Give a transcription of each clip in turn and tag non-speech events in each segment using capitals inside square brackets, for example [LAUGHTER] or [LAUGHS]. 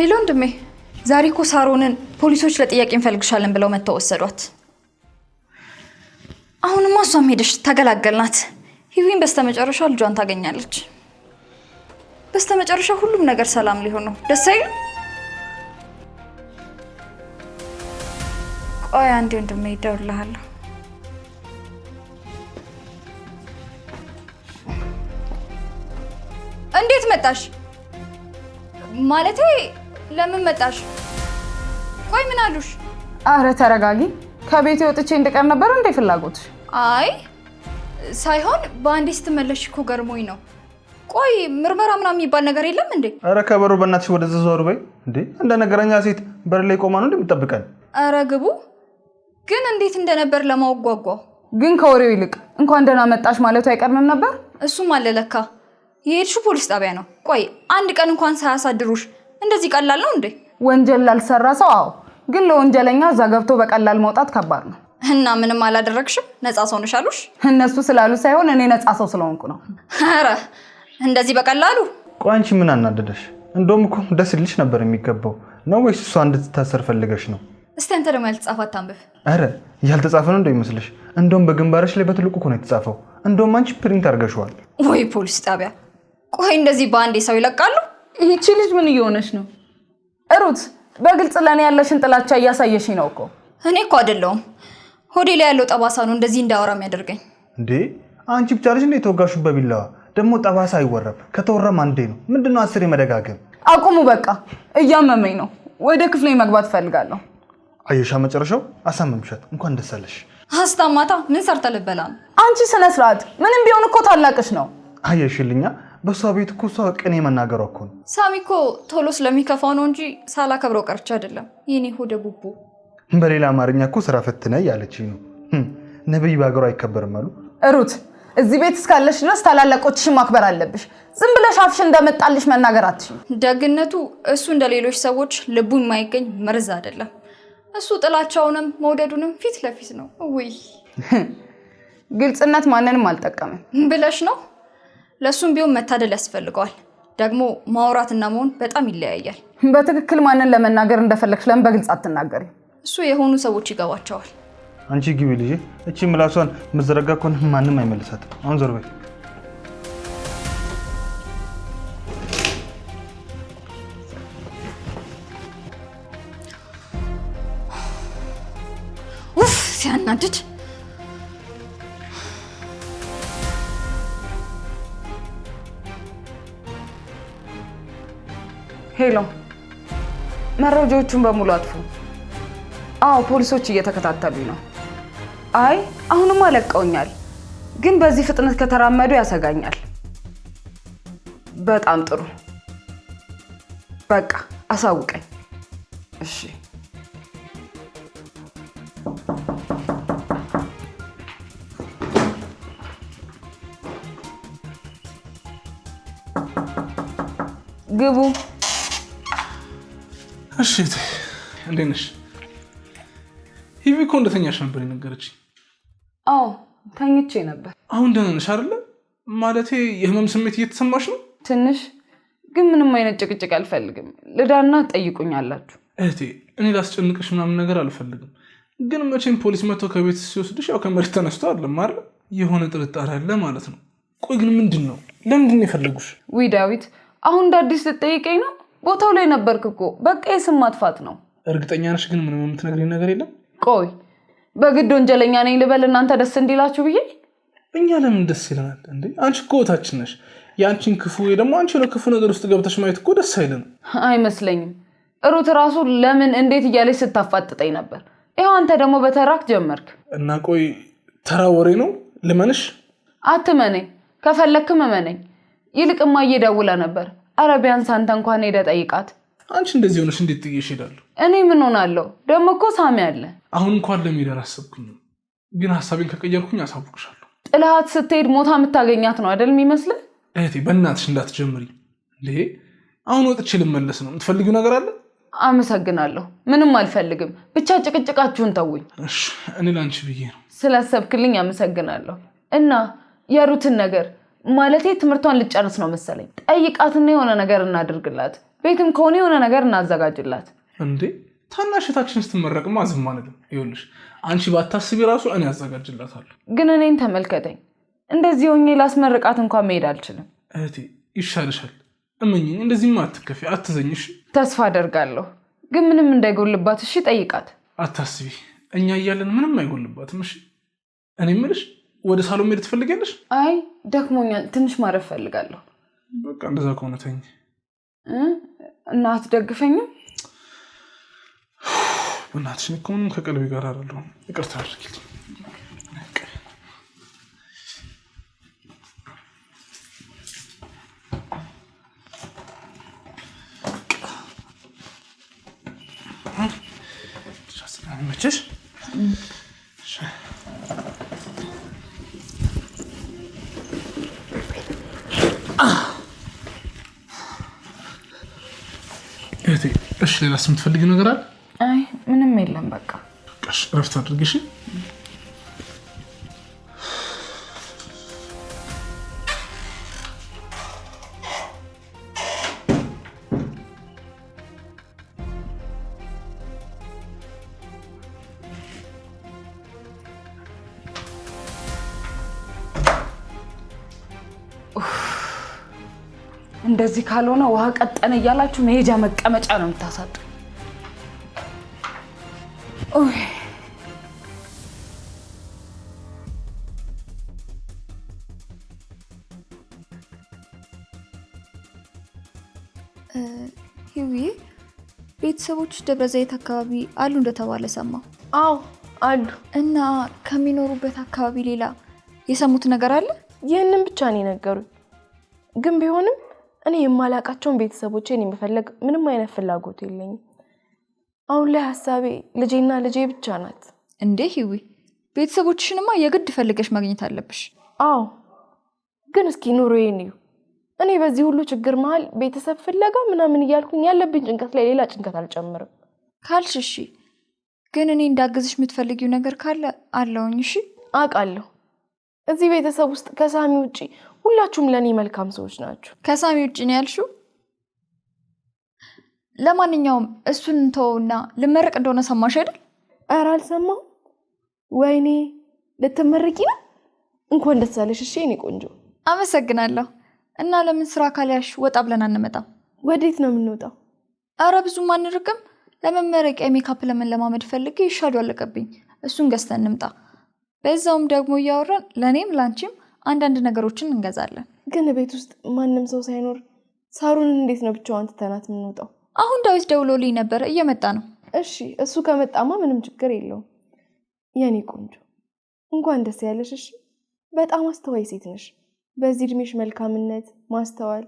ሄሎ ወንድሜ፣ ዛሬ እኮ ሳሮንን ፖሊሶች ለጥያቄ እንፈልግሻለን ብለው መጥተው ወሰዷት። አሁንማ እሷም ሄደሽ ተገላገልናት። ሂዊን በስተመጨረሻ ልጇን ታገኛለች። በስተመጨረሻ ሁሉም ነገር ሰላም ሊሆን ነው። ደስ ቆይ አንዴ ወንድሜ፣ ይደውልልሃለሁ። እንዴት መጣሽ ማለቴ ለምን መጣሽ? ቆይ ምን አሉሽ? አረ ተረጋጊ። ከቤት ወጥቼ እንድቀር ነበር እንዴ ፍላጎት አይ ሳይሆን በአንዴ ስትመለሽ እኮ ገርሞኝ ነው። ቆይ ምርመራ ምናምን የሚባል ነገር የለም እንዴ? አረ ከበሩ በእናትሽ ወደ ዞር በይ እንዴ። እንደ ነገረኛ ሴት በር ላይ ቆማ ነው እንደምትጠብቀን። አረ ግቡ። ግን እንዴት እንደነበር ለማወቅ ግን ከወሬው ይልቅ እንኳን ደህና መጣሽ ማለቱ አይቀርምም ነበር። እሱም አለለካ ለካ የሄድሽው ፖሊስ ጣቢያ ነው። ቆይ አንድ ቀን እንኳን ሳያሳድሩሽ እንደዚህ ቀላል ነው እንዴ? ወንጀል ላልሰራ ሰው አዎ፣ ግን ለወንጀለኛ እዛ ገብቶ በቀላል መውጣት ከባድ ነው። እና ምንም አላደረግሽም፣ ነፃ ሰው ነሽ አሉሽ? እነሱ ስላሉ ሳይሆን እኔ ነፃ ሰው ስለሆንኩ ነው። ኧረ እንደዚህ በቀላሉ ቆይ፣ አንቺ ምን አናደደሽ? እንደውም እኮ ደስ ነበር የሚገባው ነው ወይስ እሷ እንድትታሰር ፈልገሽ ነው? እስቲ አንተ ደግሞ ያልተጻፈ አታንብብ። ኧረ ያልተጻፈ ነው እንደው ይመስልሽ? እንደውም በግንባረሽ ላይ በትልቁ እኮ ነው የተጻፈው። እንደውም አንቺ ፕሪንት አድርገሽዋል ወይ? ፖሊስ ጣቢያ። ቆይ እንደዚህ በአንዴ ሰው ይለቃሉ? ይህቺ ልጅ ምን እየሆነች ነው? ሩት፣ በግልጽ ለእኔ ያለሽን ጥላቻ እያሳየሽ ነው እኮ። እኔ እኮ አይደለሁም ሆዴ ላይ ያለው ጠባሳ ነው እንደዚህ እንዳወራ የሚያደርገኝ። እንዴ አንቺ ብቻ ልጅ እንዴ ተወጋሹ በቢላዋ ደግሞ ጠባሳ አይወረም፣ ከተወረም አንዴ ነው። ነው አስር መደጋገም? አቁሙ በቃ፣ እያመመኝ ነው። ወደ ክፍሌ መግባት እፈልጋለሁ። አየሻ፣ መጨረሻው አሳመምሻት። እንኳን ደስ አለሽ። አስታማታ ምን ሰርተ ልበላ። አንቺ ስነ ስርዓት፣ ምንም ቢሆን እኮ ታላቅሽ ነው። አየሽልኛ በእሷ ቤት እኮ እሷ ቅኔ መናገሯ እኮ ነው። ሳሚ እኮ ቶሎ ስለሚከፋው ነው እንጂ ሳላከብረው ቀርቼ አይደለም። የኔ ሆደ ቡቡ። በሌላ አማርኛ እኮ ስራ ፈትነ ያለች ነው። hm፣ ነብይ በሀገሩ አይከበርም አሉ ሩት። እዚህ ቤት እስካለሽ ድረስ ታላላቆችሽን ማክበር አለብሽ። ዝም ብለሽ አፍሽን እንደመጣልሽ መናገር አትችይም። ደግነቱ እሱ እንደ ሌሎች ሰዎች ልቡ የማይገኝ መርዝ አይደለም። እሱ ጥላቻውንም መውደዱንም ፊት ለፊት ነው። ውይ hm፣ ግልጽነት ማንንም አልጠቀምም ብለሽ ነው ለእሱም ቢሆን መታደል ያስፈልገዋል። ደግሞ ማውራትና መሆን በጣም ይለያያል። በትክክል ማንን ለመናገር እንደፈለግሽ ለምን በግልጽ አትናገሪ? እሱ የሆኑ ሰዎች ይገባቸዋል። አንቺ ግቢ ልጄ። እቺ ምላሷን የምትዘረጋ ከሆነ ማንም አይመልሳትም። አሁን ዞር በይ። ሲያናድድ ሄሎ፣ መረጃዎቹን በሙሉ አጥፉ። አዎ ፖሊሶች እየተከታተሉኝ ነው። አይ አሁንም አለቀውኛል፣ ግን በዚህ ፍጥነት ከተራመዱ ያሰጋኛል። በጣም ጥሩ። በቃ አሳውቀኝ። እሺ። ግቡ። እሺ እንዴት ነሽ? ሂቪ እኮ እንደተኛሽ ነበር የነገረችኝ። አዎ ተኝቼ ነበር። አሁን ደህና ነሽ አይደለ? ማለቴ የህመም ስሜት እየተሰማሽ ነው? ትንሽ ግን ምንም አይነት ጭቅጭቅ አልፈልግም። ልዳና ጠይቁኝ አላችሁ። እህቴ እኔ ላስጨንቅሽ ምናምን ነገር አልፈልግም። ግን መቼም ፖሊስ መጥቶ ከቤት ሲወስድሽ ያው ከመሬት ተነስቶ አለም አለ የሆነ ጥርጣሬ አለ ማለት ነው። ቆይ ግን ምንድን ነው? ለምንድን ነው የፈለጉሽ? ዊ ዳዊት፣ አሁን እንደ አዲስ ልጠይቀኝ ነው ቦታው ላይ ነበርክ እኮ በቃ የስም ማጥፋት ነው። እርግጠኛ ነሽ ግን ምንም የምትነግሪኝ ነገር የለም? ቆይ በግድ ወንጀለኛ ነኝ ልበል እናንተ ደስ እንዲላችሁ ብዬ? እኛ ለምን ደስ ይለናል እንዴ? አንቺ እኮ ነሽ። የአንቺን ክፉ ወይ ደግሞ አንቺ ክፉ ነገር ውስጥ ገብተሽ ማየት እኮ ደስ አይለንም። አይመስለኝም። ሩት ራሱ ለምን እንዴት እያለች ስታፋጥጠኝ ነበር። ይኸው አንተ ደግሞ በተራክ ጀመርክ እና ቆይ ተራ ወሬ ነው ልመንሽ? አትመነኝ፣ ከፈለክም እመነኝ። ይልቅማ እየደውላ ነበር አረ ቢያንስ አንተ እንኳን ሄደ ጠይቃት። አንቺ እንደዚህ ሆነሽ እንዴት ጥዬሽ እሄዳለሁ? እኔ ምን ሆናለሁ ደግሞ እኮ ሳሚ አለ። አሁን እንኳን ለመሄድ አላሰብኩኝም፣ ግን ሀሳቤን ከቀየርኩኝ አሳውቅሻለሁ። ጥልሃት ስትሄድ ሞታ የምታገኛት ነው አይደል የሚመስልህ? እህቴ በእናትሽ እንዳትጀምሪ አሁን ወጥቼ ልመለስ ነው። የምትፈልጊው ነገር አለ? አመሰግናለሁ፣ ምንም አልፈልግም። ብቻ ጭቅጭቃችሁን ተውኝ። እኔ ለአንቺ ብዬ ነው። ስላሰብክልኝ አመሰግናለሁ። እና ያሩትን ነገር ማለቴ ትምህርቷን ልጨርስ ነው መሰለኝ። ጠይቃትና የሆነ ነገር እናድርግላት፣ ቤትም ከሆነ የሆነ ነገር እናዘጋጅላት። እንዴ ታናሽታችን ስትመረቅ ማዝማንድ አንልም። አንቺ ባታስቢ ራሱ እኔ ያዘጋጅላታለሁ። ግን እኔን ተመልከተኝ፣ እንደዚህ ሆኜ ላስመርቃት እንኳን መሄድ አልችልም። እህቴ ይሻልሻል፣ እመኝ እንደዚህማ አትከፊ፣ አትዘኝሽ። ተስፋ አደርጋለሁ፣ ግን ምንም እንዳይጎልባት እሺ። ጠይቃት፣ አታስቢ። እኛ እያለን ምንም አይጎልባትም። እሺ እኔ ምልሽ ወደ ሳሎን ሄድ ትፈልጊያለሽ? አይ ደክሞኛል፣ ትንሽ ማረፍ ፈልጋለሁ። በቃ እንደዛ ከሆነ ተኝ እና አትደግፈኝም? እናትሽን እኮ ምንም ጋር አለ ይቅርታ አድርጊልኝ። ሌላስ የምትፈልጊው ነገር አለ? አይ ምንም የለም። በቃ እረፍት አድርግሽ። እንደዚህ ካልሆነ ውሃ ቀጠነ እያላችሁ መሄጃ መቀመጫ ነው የምታሳጡ። ሂዊ ቤተሰቦች ደብረ ዘይት አካባቢ አሉ እንደተባለ ሰማሁ። አዎ አሉ። እና ከሚኖሩበት አካባቢ ሌላ የሰሙት ነገር አለ? ይህንን ብቻ ነው የነገሩኝ። ግን ቢሆንም እኔ የማላቃቸውን ቤተሰቦቼን የመፈለግ ምንም አይነት ፍላጎት የለኝም። አሁን ላይ ሀሳቤ ልጄና ልጄ ብቻ ናት። እንዴ ህዊ፣ ቤተሰቦችሽንማ የግድ ፈልገሽ ማግኘት አለብሽ። አዎ፣ ግን እስኪ ኑሮዬን እዩ። እኔ በዚህ ሁሉ ችግር መሀል ቤተሰብ ፍለጋ ምናምን እያልኩኝ ያለብኝ ጭንቀት ላይ ሌላ ጭንቀት አልጨምርም። ካልሽ እሺ። ግን እኔ እንዳግዝሽ የምትፈልጊው ነገር ካለ አለውኝ። እሺ፣ አውቃለሁ። እዚህ ቤተሰብ ውስጥ ከሳሚ ውጪ ሁላችሁም ለእኔ መልካም ሰዎች ናችሁ። ከሳሚ ውጭ ነው ያልሽው? ለማንኛውም እሱን እንተውና ልመረቅ እንደሆነ ሰማሽ አይደል? ኧረ አልሰማሁም። ወይኔ ልትመረቂ ነው? እንኳን ደስ አለሽ። እሺ የእኔ ቆንጆ አመሰግናለሁ። እና ለምን ስራ ካልያሽ ወጣ ብለን አንመጣም? ወዴት ነው የምንወጣው? አረ ብዙም አንርቅም። ለመመረቂያ ሜካፕ ለምን ለማመድ ፈልጌ ይሻሉ አለቀብኝ። እሱን ገዝተን እንምጣ። በዛውም ደግሞ እያወራን ለእኔም ላንቺም አንዳንድ ነገሮችን እንገዛለን። ግን ቤት ውስጥ ማንም ሰው ሳይኖር ሳሩን እንዴት ነው ብቻዋን ትተናት የምንወጣው? አሁን ዳዊት ደውሎልኝ ነበር እየመጣ ነው። እሺ እሱ ከመጣማ ምንም ችግር የለውም። የኔ ቆንጆ እንኳን ደስ ያለሽ። እሺ በጣም አስተዋይ ሴት ነሽ። በዚህ እድሜሽ መልካምነት፣ ማስተዋል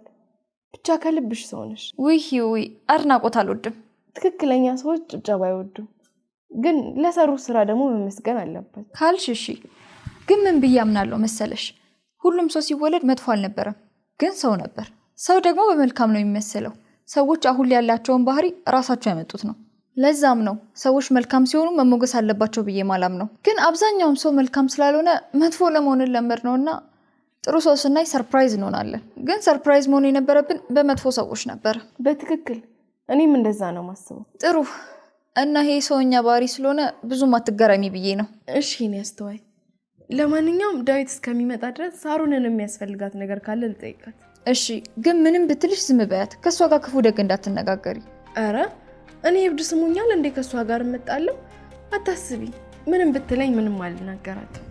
ብቻ ከልብሽ ሰው ነሽ። ውይ ውይ፣ አድናቆት አልወድም። ትክክለኛ ሰዎች ጭብጨባ አይወዱም፣ ግን ለሰሩ ስራ ደግሞ መመስገን አለበት ካልሽ። እሺ ግን ምን ብዬ አምናለሁ መሰለሽ ሁሉም ሰው ሲወለድ መጥፎ አልነበረም፣ ግን ሰው ነበር። ሰው ደግሞ በመልካም ነው የሚመስለው። ሰዎች አሁን ላይ ያላቸውን ባህሪ ራሳቸው ያመጡት ነው። ለዛም ነው ሰዎች መልካም ሲሆኑ መሞገስ አለባቸው ብዬ ማላም ነው። ግን አብዛኛውም ሰው መልካም ስላልሆነ መጥፎ ለመሆንን ለመድ ነውና ጥሩ ሰው ስናይ ሰርፕራይዝ እንሆናለን። ግን ሰርፕራይዝ መሆን የነበረብን በመጥፎ ሰዎች ነበር። በትክክል እኔም እንደዛ ነው ማስበው። ጥሩ እና ይሄ ሰውኛ ባህሪ ስለሆነ ብዙም አትገረሚ ብዬ ነው። እሺ ያስተዋይ ለማንኛውም ዳዊት እስከሚመጣ ድረስ ሳሮንን የሚያስፈልጋት ነገር ካለ ልጠይቃት። እሺ፣ ግን ምንም ብትልሽ ዝም በያት። ከእሷ ጋር ክፉ ደግ እንዳትነጋገሪ። ኧረ እኔ እብድ ስሙኛል እንዴ? ከእሷ ጋር እመጣለሁ። አታስቢ፣ ምንም ብትለኝ ምንም አልናገራትም።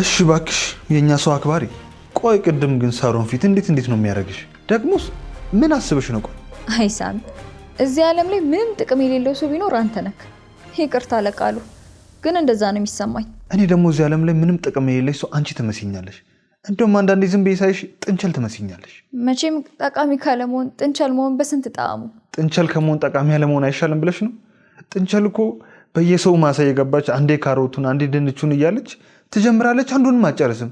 እሺ እባክሽ የእኛ ሰው አክባሪ። ቆይ ቅድም ግን ሳሮን ፊት እንዴት እንዴት ነው የሚያደርግሽ? ደግሞስ ምን አስበሽ ነው? ቆይ አይሳም፣ እዚህ ዓለም ላይ ምንም ጥቅም የሌለው ሰው ቢኖር አንተ ነክ። ይቅርታ ለቃሉ ግን እንደዛ ነው የሚሰማኝ። እኔ ደግሞ እዚህ ዓለም ላይ ምንም ጥቅም የሌለሽ ሰው አንቺ ትመስኛለሽ። እንደውም አንዳንዴ ዝም ብዬ ሳይሽ ጥንቸል ትመስኛለሽ። መቼም ጠቃሚ ካለመሆን ጥንቸል መሆን በስንት ጣዕሙ። ጥንቸል ከመሆን ጠቃሚ ያለመሆን አይሻልም ብለሽ ነው? ጥንቸል እኮ በየሰው ማሳ የገባች አንዴ ካሮቱን አንዴ ድንቹን እያለች ትጀምራለች፣ አንዱንም አጨርስም።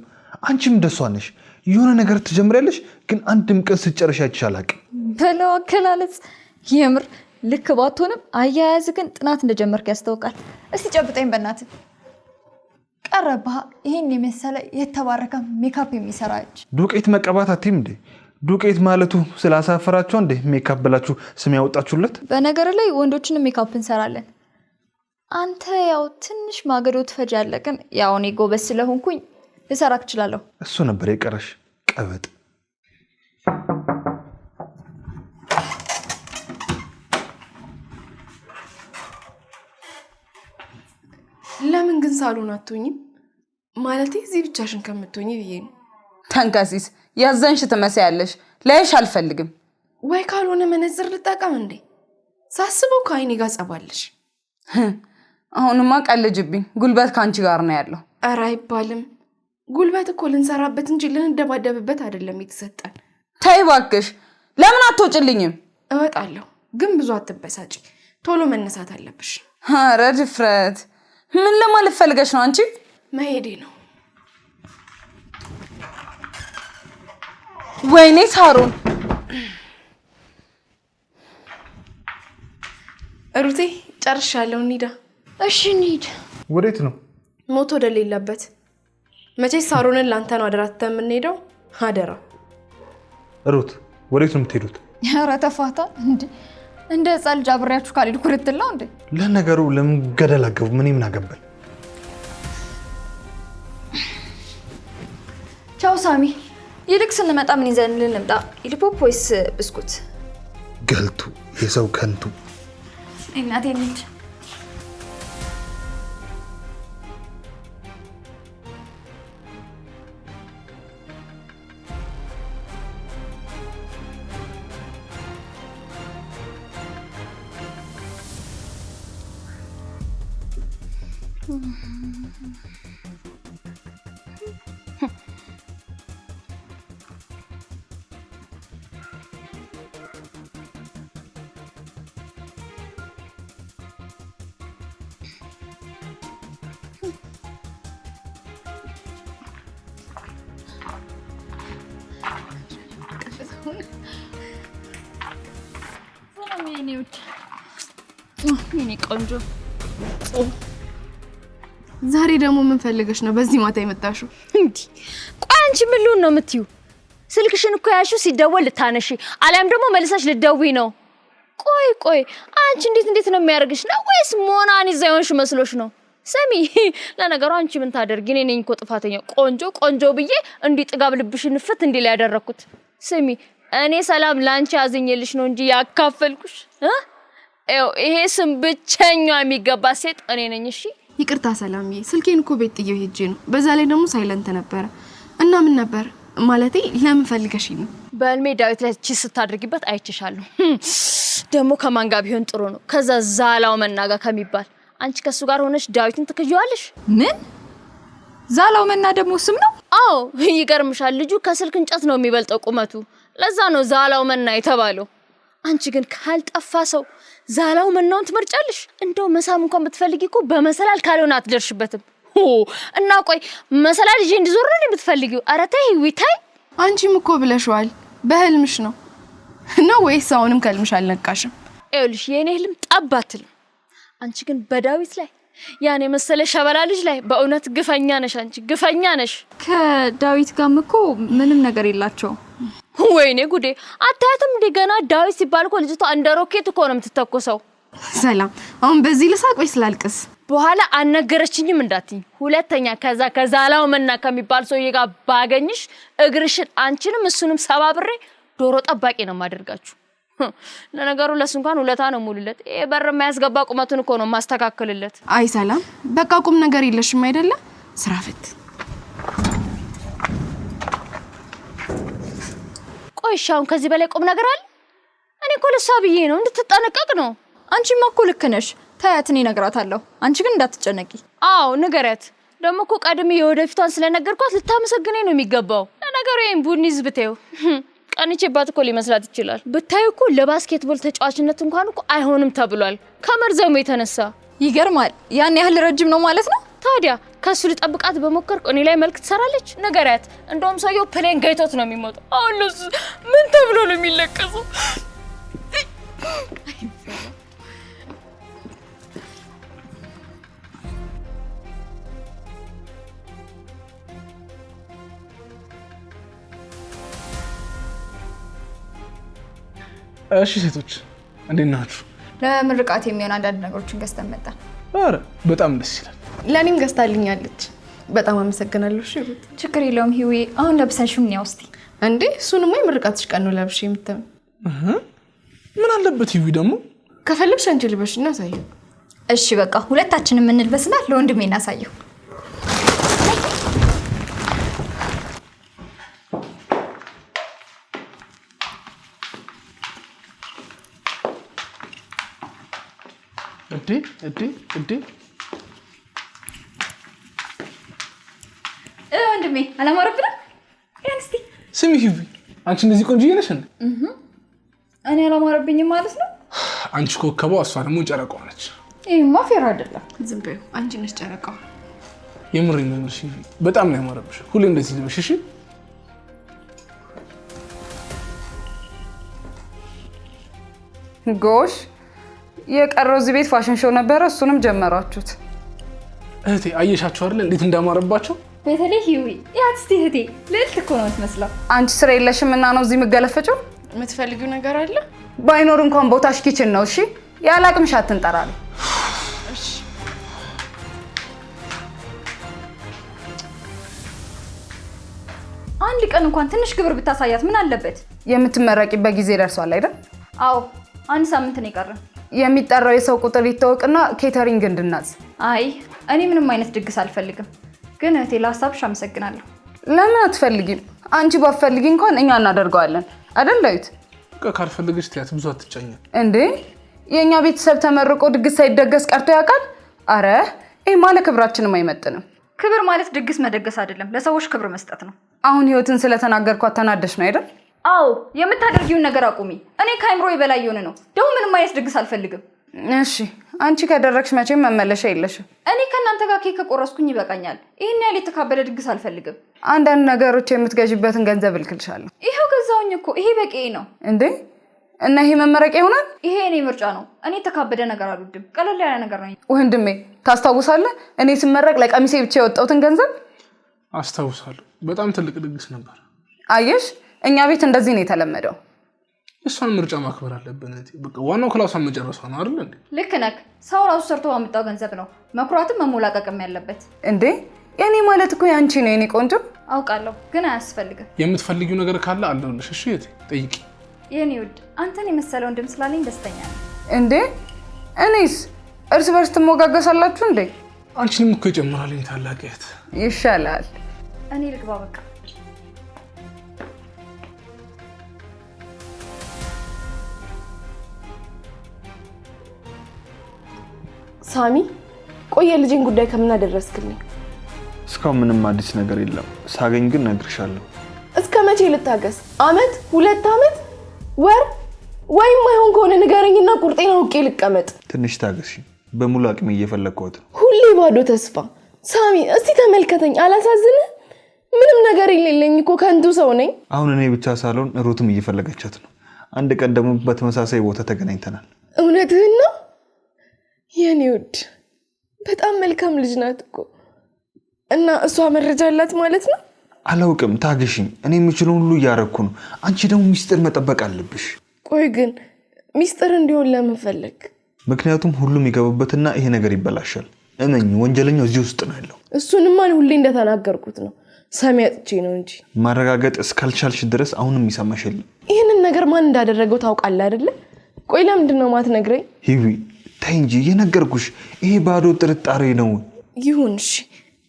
አንቺም እንደሷ ነሽ። የሆነ ነገር ትጀምሪያለሽ፣ ግን አንድም ቀን ስጨርሽ ይቻላቅ በለው አገላለጽ የምር ልክ ባትሆንም አያያዝ ግን ጥናት እንደጀመርክ ያስታውቃል። እስቲ ጨብጠኝ በእናት ቀረባ። ይህን የመሰለ የተባረከ ሜካፕ የሚሰራ እጅ ዱቄት መቀባት አትይም እንዴ? ዱቄት ማለቱ ስላሳፈራቸው እንዴ ሜካፕ ብላችሁ ስም ያወጣችሁለት? በነገር ላይ ወንዶችንም ሜካፕ እንሰራለን አንተ ያው ትንሽ ማገዶ ትፈጃለህ፣ ግን ያው እኔ ጎበዝ ስለሆንኩኝ ልሰራክ እችላለሁ። እሱ ነበር የቀረሽ ቀበጥ። ለምን ግን ሳሎን አትሆኝም? ማለቴ እዚህ ብቻሽን ከምትሆኝ ብዬ ነው። ተንከሲስ ያዘንሽ ትመስያለሽ። ላይሽ አልፈልግም። ወይ ካልሆነ መነጽር ልጠቀም እንዴ? ሳስበው ከአይኔ ጋር ጸባለሽ አሁንማ ቀልጅብኝ። ጉልበት ከአንቺ ጋር ነው ያለው። እረ አይባልም። ጉልበት እኮ ልንሰራበት እንጂ ልንደባደብበት አይደለም የተሰጠን። ተይ እባክሽ፣ ለምን አትወጭልኝም? እወጣለሁ፣ ግን ብዙ አትበሳጭ። ቶሎ መነሳት አለብሽ። አረ ድፍረት! ምን ለማለት ፈልገሽ ነው አንቺ? መሄዴ ነው። ወይኔ ሳሮን ሩቴ፣ ጨርሻለሁ። እንሂዳ እሺ እንሂድ። ወዴት ነው? ሞት ወደሌለበት። መቼ ሳሮንን ለአንተ ነው አደራ ትተህ የምንሄደው። አደራ ሩት። ወዴት ነው የምትሄዱት? ኧረ ተፋታ እንደ እንደ ህፃን ልጅ አብሬያችሁ ካልሄድኩ ልትላው እንዴ? ለነገሩ ለምን ገደል አገቡ? ምን ምን አገበል? ቻው ሳሚ። ይልቅ ስንመጣ ምን ይዘን ልንምጣ? ኢልፖፕ ወይስ ብስኩት? ገልቱ የሰው ከንቱ እናቴ ሰላም የኔ ውድ የኔ ቆንጆ። ዛሬ ደግሞ ምን ፈልገሽ ነው በዚህ ማታ የመጣሽው? እንዲህ ቆይ፣ አንቺ ምን ልሁን ነው የምትዩ? ስልክሽን እኮ ያልሽው ሲደወል ልታነሺ አሊያም ደግሞ መልሰሽ ልደዊ ነው። ቆይ ቆይ፣ አንቺ እንዴት እንዴት ነው የሚያደርግሽ ነው ወይስ ሞናን ይዛ የሆንሽ መስሎሽ ነው? ስሚ፣ ለነገሩ አንቺ ምን ታደርጊ? እኔ ነኝ እኮ ጥፋተኛ። ቆንጆ ቆንጆ ብዬ እንዲህ ጥጋብ ልብሽን ፍት እንዲህ ላይ ያደረኩት ስሚ እኔ ሰላም ላንቺ አዝኜልሽ ነው እንጂ ያካፈልኩሽ። ይኸው ይሄ ስም ብቸኛ የሚገባ ሴት እኔ ነኝ። እሺ ይቅርታ ሰላምዬ፣ ስልኬን እኮ ቤት ጥዬው ሄጄ ነው። በዛ ላይ ደግሞ ሳይለንት ነበረ እና ምን ነበር ማለቴ ለምን ፈልገሽ ነው? በህልሜ ዳዊት ላይ ቺስ ስታደርጊበት አይችሻለሁ። ደግሞ ከማን ጋር ቢሆን ጥሩ ነው? ከዛ ዛላው መናጋ ከሚባል አንቺ ከሱ ጋር ሆነሽ ዳዊትን ትክየዋለሽ። ምን ዛላው መና ደግሞ ስም ነው? አዎ ይገርምሻል፣ ልጁ ከስልክ እንጨት ነው የሚበልጠው ቁመቱ። ለዛ ነው ዛላው መና የተባለው። አንቺ ግን ካልጠፋ ሰው ዛላው መናውን ትመርጫለሽ? እንደው መሳም እንኳን ብትፈልጊ እኮ በመሰላል ካልሆነ አትደርሽበትም። እና ቆይ መሰላል ይዤ እንዲዞር ነው የምትፈልጊው? ኧረ ተይ ዊታይ። አንቺም እኮ ብለሽዋል፣ በህልምሽ ነው ነው ወይስ አሁንም ከህልምሽ አልነቃሽም? ይኸውልሽ የእኔ ህልም ጠብ አትልም። አንቺ ግን በዳዊት ላይ ያን የመሰለ ሸበላ ልጅ ላይ በእውነት ግፈኛ ነሽ አንቺ፣ ግፈኛ ነሽ። ከዳዊት ጋርም እኮ ምንም ነገር የላቸው። ወይኔ ጉዴ! አታያትም እንዴ? ገና ዳዊት ሲባል እኮ ልጅቷ እንደ ሮኬት እኮ ነው የምትተኮሰው። ሰላም፣ አሁን በዚህ ልሳቅ ወይስ ላልቅስ? በኋላ አልነገረችኝም እንዳትኝ። ሁለተኛ ከዛ ከዛላው መና ከሚባል ሰውዬ ጋር ባገኝሽ እግርሽን አንቺንም እሱንም ሰባብሬ ዶሮ ጠባቂ ነው የማደርጋችሁ። [LAUGHS] ለነገሩ ለሱ እንኳን ውለታ ነው ሙሉለት። ይሄ በር የማያስገባ ቁመቱን እኮ ነው የማስተካከልለት። አይ ሰላም፣ በቃ ቁም ነገር የለሽም አይደለ? ስራ ፍት። ቆይ እሺ፣ አሁን ከዚህ በላይ ቁም ነገር አለ? እኔ እኮ ለሷ ብዬ ነው እንድትጠነቀቅ ነው። አንቺማ እኮ ልክ ነሽ። ታያት፣ እኔ እነግራታለሁ። አንቺ ግን እንዳትጨነቂ። አዎ ንገረት። ደግሞ እኮ ቀድሜ የወደፊቷን ስለነገርኳት ልታመሰግነኝ ነው የሚገባው። ለነገሩ ይህም ቡኒ ዝብቴው ቀንቼባት እኮ ሊመስላት ይችላል። ብታይ እኮ ለባስኬትቦል ተጫዋችነት እንኳን እኮ አይሆንም ተብሏል ከመርዘሙ የተነሳ ይገርማል። ያን ያህል ረጅም ነው ማለት ነው። ታዲያ ከሱ ልጠብቃት በሞከርኩ እኔ ላይ መልክ ትሰራለች። ንገሪያት። እንደውም ሰውየው ፕሌን ገይቶት ነው የሚሞጠው። አሁን ምን ተብሎ ነው የሚለቀሰው? እሺ ሴቶች እንዴት ናችሁ? ለምርቃት የሚሆን አንዳንድ ነገሮችን ገዝተን መጣን። አረ በጣም ደስ ይላል። ለእኔም ገዝታልኛለች። በጣም አመሰግናለሁ። እሺ ሩት፣ ችግር የለውም ሂዊ አሁን ለብሰን ሽምን ያውስቲ እንዴ፣ እሱንማ የምርቃትሽ ቀን ነው ለብሽ የምትም ምን አለበት ሂዊ ደግሞ ከፈለግሽ አንቺ ልበሽና እሺ በቃ ሁለታችን የምንልበስና ለወንድሜ እናሳየው እድ ወንድሜ አላማረብንም። ስሚ ሂዊ፣ አንቺ እንደዚህ ቆንጆዬ ነሽ እኔ አላማረብኝም ማለት ነው። አንቺ ኮከቧ፣ እሷ ደግሞ ጨረቃዋ ነች። ይሄማ ፌር አይደለም። ዝም በይው። አንቺ ነሽ ጨረቃዋ። ነው ሂዊ፣ በጣም ነው ያማረብሽ። ሁሌ እንደዚህ እሺ? ጎሽ የቀረው እዚህ ቤት ፋሽን ሾው ነበረ። እሱንም ጀመራችሁት። እህቴ አየሻችሁ አይደል እንዴት እንዳማረባቸው። በተለይ ህዊ ያትስቲ እህቴ ልዕልት እኮ ነው የምትመስለው። አንቺ ስራ የለሽም እና ነው እዚህ የምገለፈጨው። የምትፈልጊው ነገር አለ? ባይኖር እንኳን ቦታሽ ኪችን ነው። እሺ ያለ አቅምሽ አትንጠራለሁ። አንድ ቀን እንኳን ትንሽ ግብር ብታሳያት ምን አለበት? የምትመረቂበት ጊዜ ደርሷል አይደል? አዎ አንድ ሳምንት ነው የቀረን። የሚጠራው የሰው ቁጥር ይታወቅና ኬተሪንግ እንድናዝ። አይ እኔ ምንም አይነት ድግስ አልፈልግም። ግን እህቴ ለሀሳብሽ አመሰግናለሁ። ለምን አትፈልጊም? አንቺ ባትፈልጊ እንኳን እኛ እናደርገዋለን አይደል? ዳዊት ካልፈልግሽ ትያት ብዙ አትጫኛ እንዴ። የእኛ ቤተሰብ ተመርቆ ድግስ ሳይደገስ ቀርቶ ያውቃል? አረ ይህ ማለ ክብራችንም አይመጥንም። ክብር ማለት ድግስ መደገስ አይደለም፣ ለሰዎች ክብር መስጠት ነው። አሁን ህይወትን ስለተናገርኳት ተናደሽ ነው አይደል? አዎ የምታደርጊውን ነገር አቁሚ። እኔ ከአይምሮ በላይ የሆነ ነው። ደግሞ ምንም አይነት ድግስ አልፈልግም። እሺ አንቺ ከደረግሽ መቼም መመለሻ የለሽም። እኔ ከእናንተ ጋር ኬክ ከቆረስኩኝ ይበቃኛል። ይህን ያህል የተካበደ ድግስ አልፈልግም። አንዳንድ ነገሮች የምትገዥበትን ገንዘብ እልክልሻለሁ። ይኸው ገዛውኝ እኮ ይሄ በቂ ነው እንዴ! እና ይሄ መመረቂያ ይሆናል። ይሄ እኔ ምርጫ ነው። እኔ የተካበደ ነገር አልወድም። ቀለል ያለ ነገር ነው። ወንድሜ ታስታውሳለህ? እኔ ስመረቅ ለቀሚሴ ብቻ የወጣሁትን ገንዘብ አስታውሳለሁ። በጣም ትልቅ ድግስ ነበር። አየሽ እኛ ቤት እንደዚህ ነው የተለመደው። እሷን ምርጫ ማክበር አለብን። ዋናው ክላሷን መጨረሷ ነው አይደል እንዴ? ልክ ነክ ሰው ራሱ ሰርቶ ባመጣው ገንዘብ ነው መኩራትም መሞላቀቅም ያለበት። እንዴ የኔ ማለት እኮ ያንቺ ነው የኔ ቆንጆ። አውቃለሁ፣ ግን አያስፈልግም። የምትፈልጊው ነገር ካለ አለሁልሽ። እሺ እቴ ጠይቂ። የኔ ውድ አንተን የመሰለው ወንድም ስላለኝ ደስተኛ ነው። እንዴ እኔስ እርስ በርስ ትሞጋገሳላችሁ እንዴ? አንቺንም እኮ ይጨምራልኝ ታላቅ እህት። ይሻላል። እኔ ልግባ በቃ ሳሚ ቆየ ልጅን ጉዳይ ከምን አደረስክልኝ? እስካሁን ምንም አዲስ ነገር የለም። ሳገኝ ግን ነግርሻለሁ። እስከ መቼ ልታገስ? አመት፣ ሁለት አመት፣ ወር ወይም አይሆን ከሆነ ንገረኝና ቁርጤን አውቄ ልቀመጥ። ትንሽ ታገሽ። በሙሉ አቅሜ እየፈለግኩት። ሁሌ ባዶ ተስፋ። ሳሚ እስቲ ተመልከተኝ፣ አላሳዝንህ? ምንም ነገር የሌለኝ እኮ ከንቱ ሰው ነኝ። አሁን እኔ ብቻ ሳልሆን ሩትም እየፈለገቻት ነው። አንድ ቀን ደግሞ በተመሳሳይ ቦታ ተገናኝተናል። እውነትህን ነው? የኔ ውድ በጣም መልካም ልጅ ናት እኮ እና እሷ መረጃ አላት ማለት ነው። አላውቅም። ታግሽኝ፣ እኔ የምችለውን ሁሉ እያረግኩ ነው። አንቺ ደግሞ ሚስጥር መጠበቅ አለብሽ። ቆይ ግን ሚስጥር እንዲሆን ለምን ፈለግ? ምክንያቱም ሁሉም ይገቡበትና ይሄ ነገር ይበላሻል። እመኝ፣ ወንጀለኛው እዚህ ውስጥ ነው ያለው። እሱንማ ሁሌ እንደተናገርኩት ነው ሰሚ አጥቼ ነው እንጂ ማረጋገጥ እስካልቻልሽ ድረስ አሁንም ይሰማሽ የለም። ይህንን ነገር ማን እንዳደረገው ታውቃለህ አይደለ? ቆይ ለምንድን ነው ማትነግረኝ? ሂዊ ተይ እንጂ የነገርኩሽ ይሄ ባዶ ጥርጣሬ ነው። ይሁን እሺ፣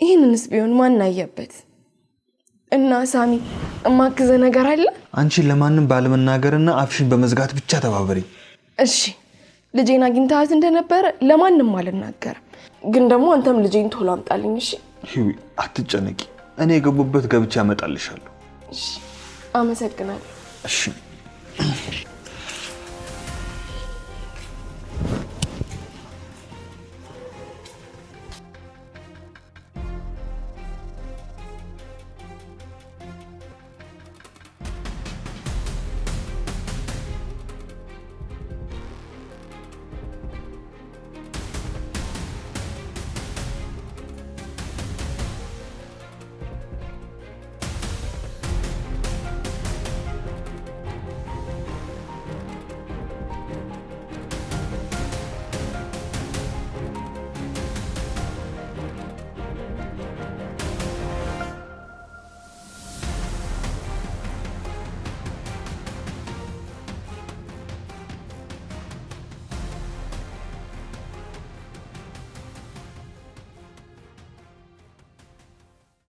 ይህንንስ ቢሆን ማን አየበት? እና ሳሚ እማግዘ ነገር አለ። አንቺን ለማንም ባለመናገርና አፍሽን በመዝጋት ብቻ ተባበሪ እሺ። ልጄን አግኝታት እንደነበረ ለማንም አልናገርም፣ ግን ደግሞ አንተም ልጄን ቶሎ አምጣልኝ እሺ። አትጨነቂ፣ እኔ የገቡበት ገብቼ አመጣልሻለሁ። አመሰግናለሁ። እሺ